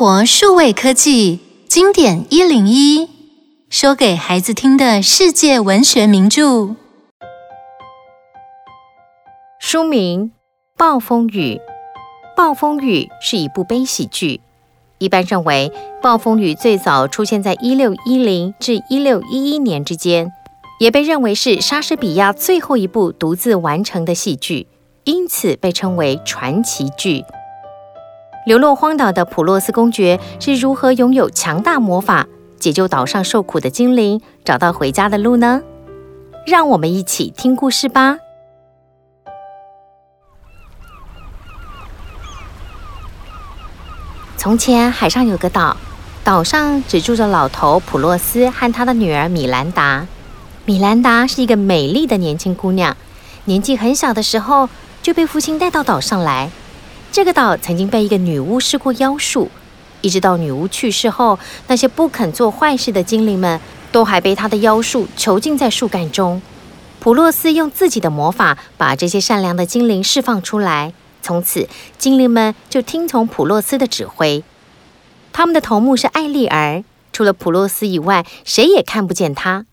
活數位科技經典一零一，說給孩子聽的世界文學名著。書名《暴風雨》。《暴風雨》是一部悲喜劇，一般認為《暴風雨》最早出現在一六一零至一六一一年之間，也被認為是莎士比亞最後一部獨自完成的戲劇，因此被稱為傳奇劇。流落荒島的普洛斯公爵是如何擁有強大魔法，解救島上受苦的精靈，找到回家的路呢？讓我們一起聽故事吧。從前，海上有個島，島上只住着老頭普洛斯和他的女兒米蘭達。米蘭達是一個美麗的年輕姑娘，年紀很小的時候就被父親帶到島上來。這個島曾經被一個女巫施過妖術，一直到女巫去世後，那些不肯做壞事的精靈們都還被她的妖術囚禁在樹幹中。普洛斯用自己的魔法把這些善良的精靈釋放出來，從此精靈們就聽從普洛斯的指揮。他們的頭目是艾麗兒，除了普洛斯以外，誰也看不見他。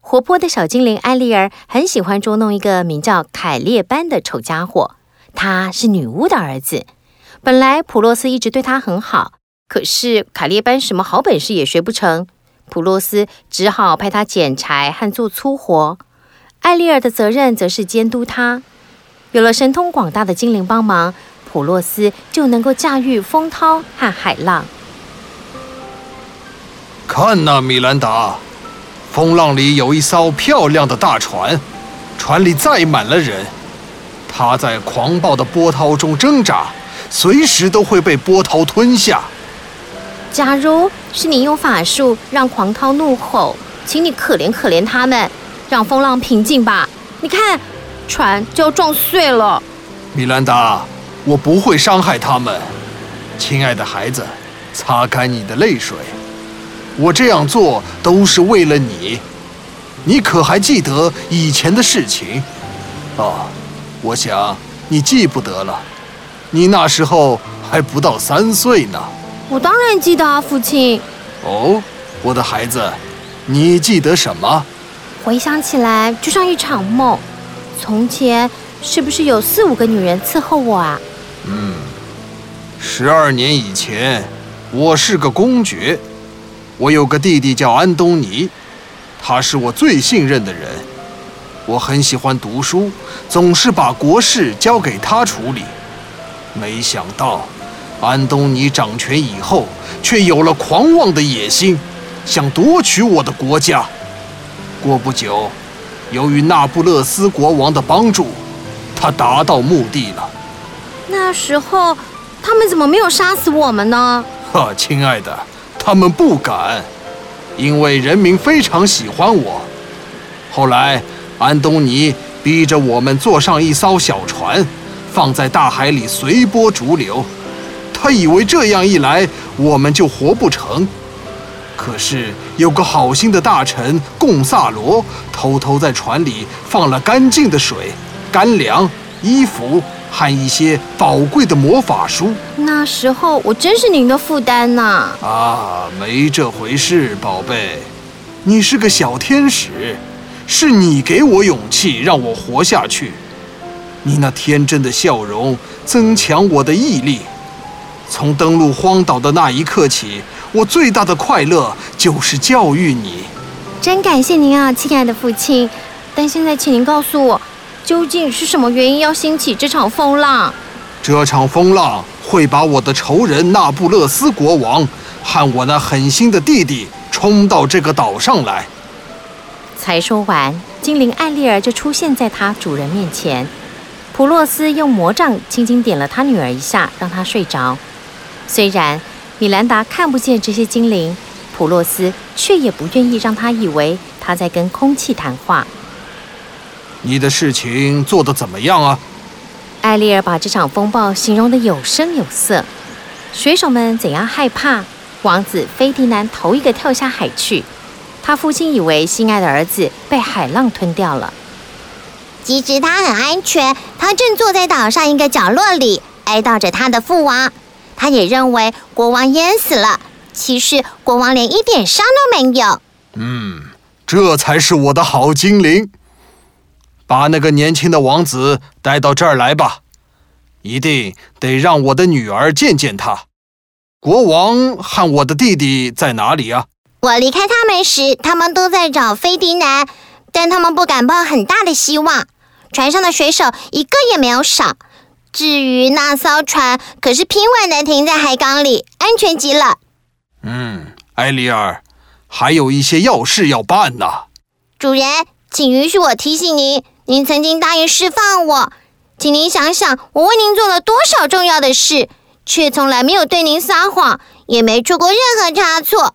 活潑的小精靈艾麗兒很喜歡捉弄一個名叫凱列班的醜傢伙。他是女巫的兒子，本來普洛斯一直對他很好，可是卡列班什麼好本事也學不成，普洛斯只好派他撿柴和做粗活。艾麗爾的責任則是監督他。有了神通廣大的精靈幫忙，普洛斯就能夠駕馭風濤和海浪。看哪，米蘭達，風浪裡有一艘漂亮的大船，船裡載滿了人。他在狂暴的波濤中掙扎，隨時都會被波濤吞下。假如是你用法術讓狂濤怒吼，請你可憐可憐他們，讓風浪平靜吧。你看，船就要撞碎了。米蘭達，我不會傷害他們。親愛的孩子，擦乾你的淚水，我這樣做都是為了你。你可還記得以前的事情？啊、哦。我想，你記不得了，你那時候還不到三歲呢。我當然記得啊，父親。哦，我的孩子，你記得什麼？回想起來，就像一場夢。從前是不是有四五個女人伺候我啊？嗯，十二年以前，我是個公爵，我有個弟弟叫安東尼，他是我最信任的人。我很喜歡讀書，總是把國事交給他處理。沒想到，安東尼掌權以後，卻有了狂妄的野心，想奪取我的國家。過不久，由於那不勒斯國王的幫助，他達到目的了。那時候，他們怎麼沒有殺死我們呢？哈，親愛的，他們不敢，因為人民非常喜歡我。後來，安東尼逼着我們坐上一艘小船，放在大海裡隨波逐流。他以為這樣一來我們就活不成。可是有個好心的大臣貢薩羅偷偷在船裡放了乾淨的水、乾糧、衣服和一些寶貴的魔法書。那時候我真是您的負擔吶！啊，啊，沒這回事，寶貝，你是個小天使。是你給我勇氣，讓我活下去。你那天真的笑容增強我的毅力。從登陸荒島的那一刻起，我最大的快樂就是教育你。真感謝您啊，親愛的父親。但現在，請您告訴我，究竟是什麼原因要興起這場風浪？這場風浪會把我的仇人那不勒斯國王和我那狠心的弟弟沖到這個島上來。才說完，精靈艾麗兒就出現在他主人面前。普洛斯用魔杖輕輕點了他女兒一下，讓她睡着。雖然米蘭達看不見這些精靈，普洛斯卻也不願意讓他以為他在跟空氣談話。你的事情做得怎麼樣啊？艾麗兒把這場風暴形容得有聲有色，水手們怎樣害怕，王子菲迪南頭一個跳下海去。他父親以為心愛的兒子被海浪吞掉了，其實他很安全，他正坐在島上一個角落裡哀悼着他的父王。他也認為國王淹死了，其實國王連一點傷都沒有。嗯，這才是我的好精靈。把那個年輕的王子帶到這兒來吧，一定得讓我的女兒見見他。國王和我的弟弟在哪裡啊？我離開他們時，他們都在找菲迪南，但他們不敢抱很大的希望。船上的水手一個也沒有少。至於那艘船，可是平穩地停在海港裡，安全極了。嗯，艾麗兒，還有一些要事要辦呢。主人，請允許我提醒您，您曾經答應釋放我，請您想想，我為您做了多少重要的事，卻從來沒有對您撒謊，也沒出過任何差錯。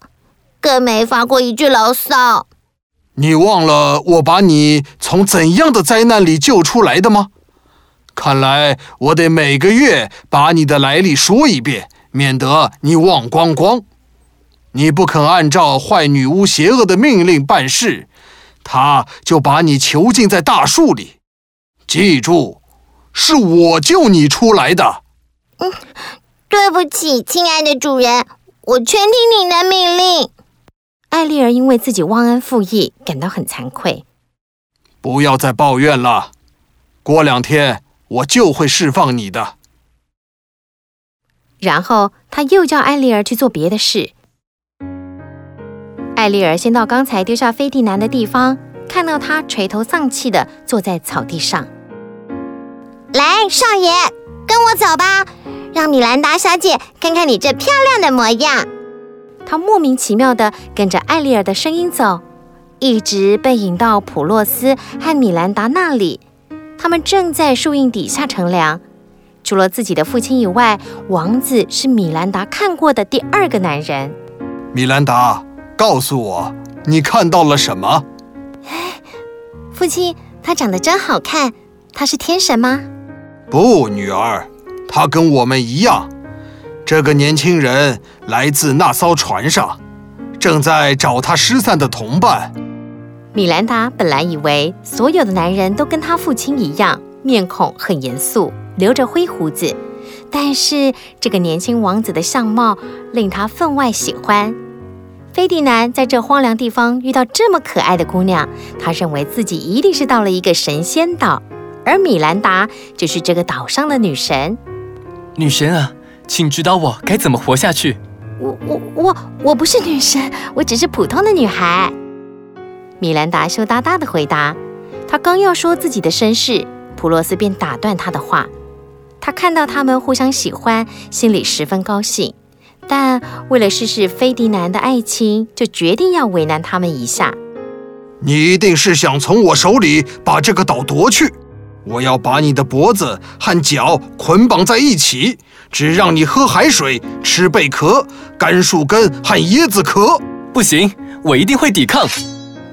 更沒發過一句牢騷。你忘了我把你從怎樣的災難裡救出來的嗎？看來我得每個月把你的來歷說一遍，免得你忘光光。你不肯按照壞女巫邪惡的命令辦事，她就把你囚禁在大樹裡。記住，是我救你出來的。嗯，對不起，親愛的主人，我全聽你的命令。艾麗兒因為自己忘恩負義感到很慚愧。不要再抱怨了，過兩天我就會釋放你的。然後他又叫艾麗兒去做別的事。艾麗兒先到剛才丟下腓迪南的地方，看到他垂頭喪氣地坐在草地上。來，少爺，跟我走吧，讓米蘭達小姐看看你這漂亮的模樣。他莫名其妙的跟着艾麗爾的聲音走，一直被引到普洛斯和米蘭達那裡。他們正在樹蔭底下乘涼。除了自己的父親以外，王子是米蘭達看過的第二個男人。米蘭達，告訴我，你看到了什麼？哎，父親，他長得真好看。他是天神嗎？不，女兒，他跟我們一樣。這個年輕人來自那艘船上，正在找他失散的同伴。米蘭達本來以為所有的男人都跟他父親一樣，面孔很嚴肅，留着灰胡子。但是這個年輕王子的相貌令他分外喜歡。費迪南在這荒涼地方遇到這麼可愛的姑娘，他認為自己一定是到了一個神仙島，而米蘭達就是這個島上的女神。女神啊！請指導我該怎麼活下去。我我我我不是女神，我只是普通的女孩。米蘭達羞答答的回答。她剛要說自己的身世，普洛斯便打斷她的話。她看到他們互相喜歡，心裡十分高興，但為了試試菲迪南的愛情，就決定要為難他們一下。你一定是想從我手裡把這個島奪去。我要把你的脖子和腳捆綁在一起。只讓你喝海水、吃貝殼、乾樹根和椰子殼，不行！我一定會抵抗。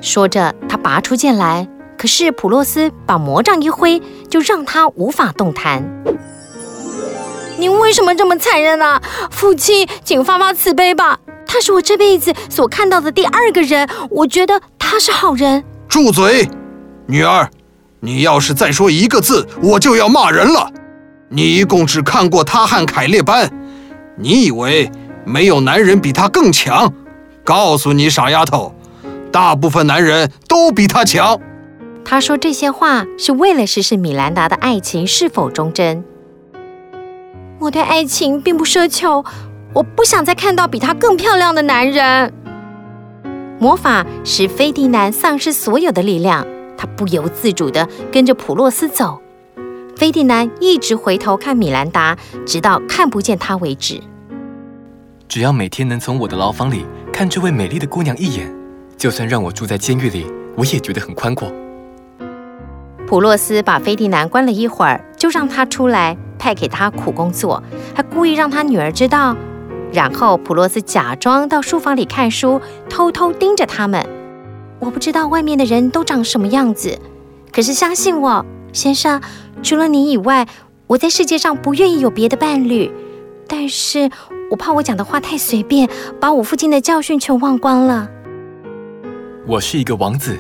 說着，他拔出劍來。可是普洛斯把魔杖一揮，就讓他無法動彈。您為什麼這麼殘忍啊？父親，請發發慈悲吧。他是我這輩子所看到的第二個人，我覺得他是好人。住嘴，女兒！你要是再說一個字，我就要罵人了。你一共只看過他和凱列班，你以為沒有男人比他更強？告訴你，傻丫頭，大部分男人都比他強。他說這些話是為了試試米蘭達的愛情是否忠貞。我對愛情並不奢求，我不想再看到比他更漂亮的男人。魔法使費迪南喪失所有的力量，他不由自主的跟着普洛斯走。菲迪南一直回頭看米蘭達，直到看不見她為止。只要每天能從我的牢房裡看這位美麗的姑娘一眼，就算讓我住在監獄裡，我也覺得很寬闊。普洛斯把菲迪南關了一會兒，就讓他出來，派給他苦工作，還故意讓他女兒知道。然後普洛斯假裝到書房裡看書，偷偷盯着他們。我不知道外面的人都長什麼樣子，可是相信我，先生。除了你以外，我在世界上不願意有別的伴侶。但是，我怕我講的話太隨便，把我父親的教訓全忘光了。我是一個王子，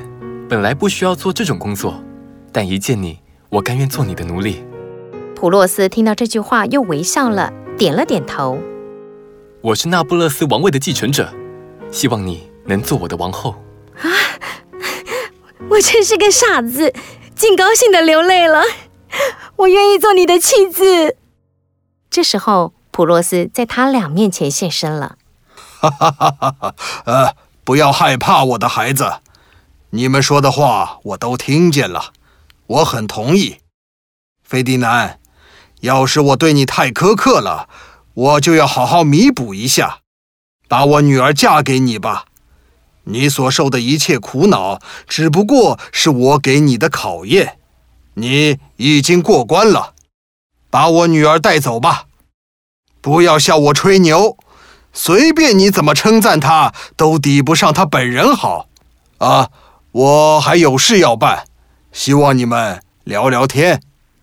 本來不需要做這種工作，但一見你，我甘願做你的奴隸。普洛斯聽到這句話，又微笑了，點了點頭。我是那不勒斯王位的繼承者，希望你能做我的王後。啊！我真是個傻子，竟高興的流淚了。我願意做你的妻子。這時候，普洛斯在他倆面前現身了。哈，哈哈哈，呃，不要害怕，我的孩子，你們說的話我都聽見了，我很同意。菲迪南，要是我對你太苛刻了，我就要好好彌補一下，把我女兒嫁給你吧。你所受的一切苦惱，只不過是我給你的考驗。你已經過關了，把我女兒帶走吧。不要笑我吹牛，隨便你怎麼稱讚她，都抵不上她本人好。啊，我還有事要辦，希望你們聊聊天，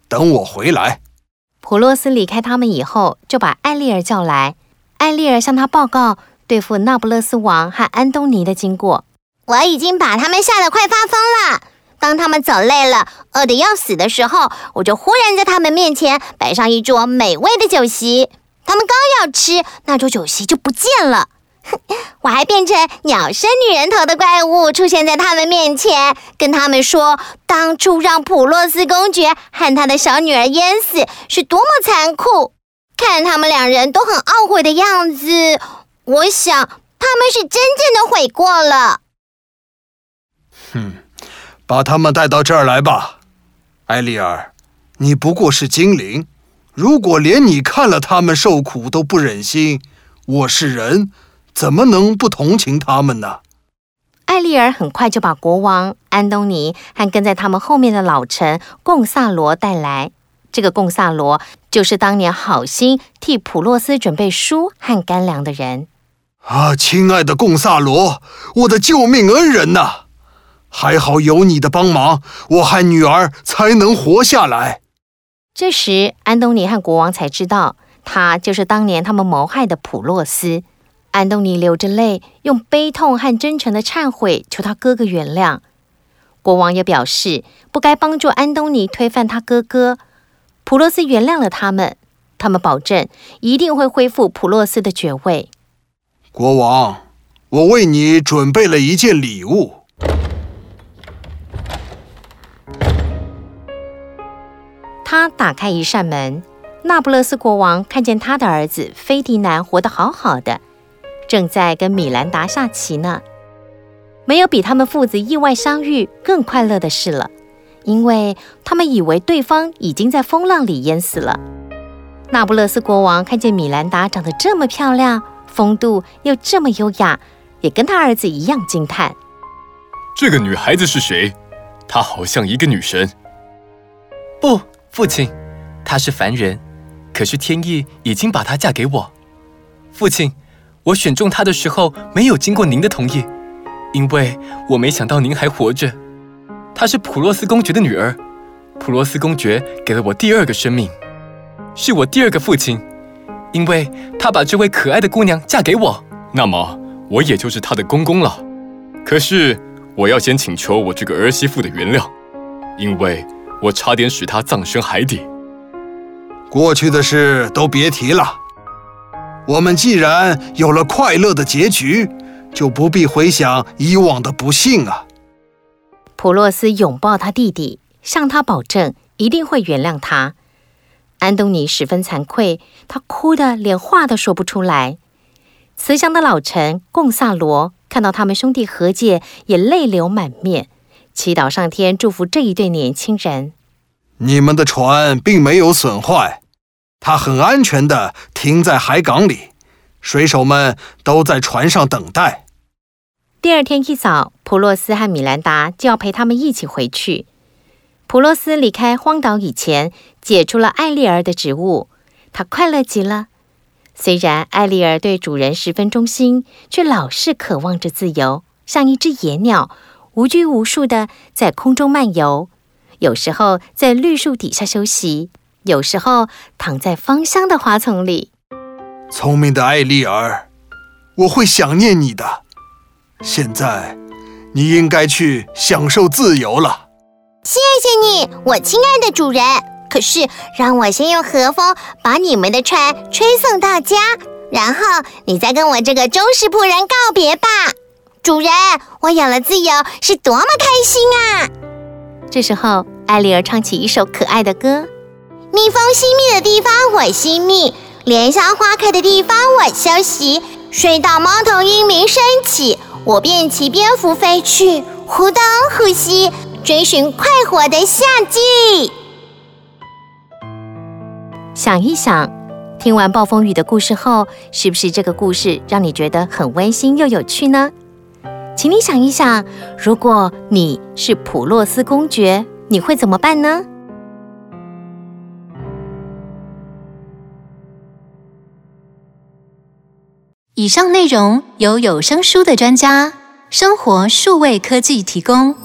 等我回來。普洛斯離開他們以後，就把艾麗兒叫來。艾麗兒向他報告對付那不勒斯王和安東尼的經過。我已經把他們嚇得快發瘋了。當他們走累了，餓得要死的時候，我就忽然在他們面前擺上一桌美味的酒席。他們剛要吃，那桌酒席就不見了。哼，我還變成鳥身女人頭的怪物出現在他們面前，跟他們說當初讓普洛斯公爵和他的小女兒淹死是多麼殘酷。看他們兩人都很懊悔的樣子，我想他們是真正的悔過了。哼。把他們帶到這兒來吧，艾麗爾，你不過是精靈。如果連你看了他們受苦都不忍心，我是人，怎麼能不同情他們呢？艾麗爾很快就把國王安東尼和跟在他們後面的老臣貢薩羅帶來。這個貢薩羅就是當年好心替普洛斯準備書和乾糧的人。啊，親愛的貢薩羅，我的救命恩人呐，啊！還好有你的幫忙，我和女兒才能活下來。這時，安東尼和國王才知道，他就是當年他們謀害的普洛斯。安東尼流着淚，用悲痛和真誠的懺悔求他哥哥原諒。國王也表示不該幫助安東尼推翻他哥哥。普洛斯原諒了他們，他們保證一定會恢復普洛斯的爵位。國王，我為你準備了一件禮物。他打開一扇門，那不勒斯國王看見他的兒子菲迪南活得好好的，正在跟米蘭達下棋呢。沒有比他們父子意外相遇更快樂的事了，因為他們以為對方已經在風浪裡淹死了。那不勒斯國王看見米蘭達長得這麼漂亮，風度又這麼優雅，也跟他兒子一樣驚嘆：“這個女孩子是誰？她好像一個女神。”不。父親，她是凡人，可是天意已經把她嫁給我。父親，我選中她的時候沒有經過您的同意，因為我沒想到您還活着。她是普洛斯公爵的女兒，普洛斯公爵給了我第二個生命，是我第二個父親，因為他把這位可愛的姑娘嫁給我，那麼我也就是他的公公了。可是我要先請求我這個兒媳婦的原諒，因為。我差點使他葬身海底。過去的事都別提了。我們既然有了快樂的結局，就不必回想以往的不幸啊。普洛斯擁抱他弟弟，向他保證一定會原諒他。安東尼十分慚愧，他哭得連話都說不出來。慈祥的老臣貢薩羅看到他們兄弟和解，也淚流滿面。祈禱上天祝福這一對年輕人。你們的船並沒有損壞，它很安全地停在海港裡，水手們都在船上等待。第二天一早，普洛斯和米蘭達就要陪他們一起回去。普洛斯離開荒島以前，解除了艾麗兒的職務，他快樂極了。雖然艾麗兒對主人十分忠心，卻老是渴望着自由，像一隻野鳥。無拘無束的在空中漫遊，有時候在綠樹底下休息，有時候躺在芳香的花叢裡。聰明的艾麗兒，我會想念你的。現在，你應該去享受自由了。謝謝你，我親愛的主人。可是，讓我先用和風把你們的船吹送到家，然後你再跟我這個忠實僕人告別吧。主人，我有了自由，是多麼開心啊！這時候，愛麗兒唱起一首可愛的歌：“蜜蜂吸蜜的地方我吸蜜，蓮香花開的地方我休息，睡到貓頭鷹鳴聲起，我便騎蝙蝠飛去，忽東忽西，追尋快活的夏季。”想一想，聽完暴風雨的故事後，是不是這個故事讓你覺得很溫馨又有趣呢？請你想一想，如果你是普洛斯公爵，你會怎麼辦呢？以上內容由有聲書的專家聲活數位科技提供。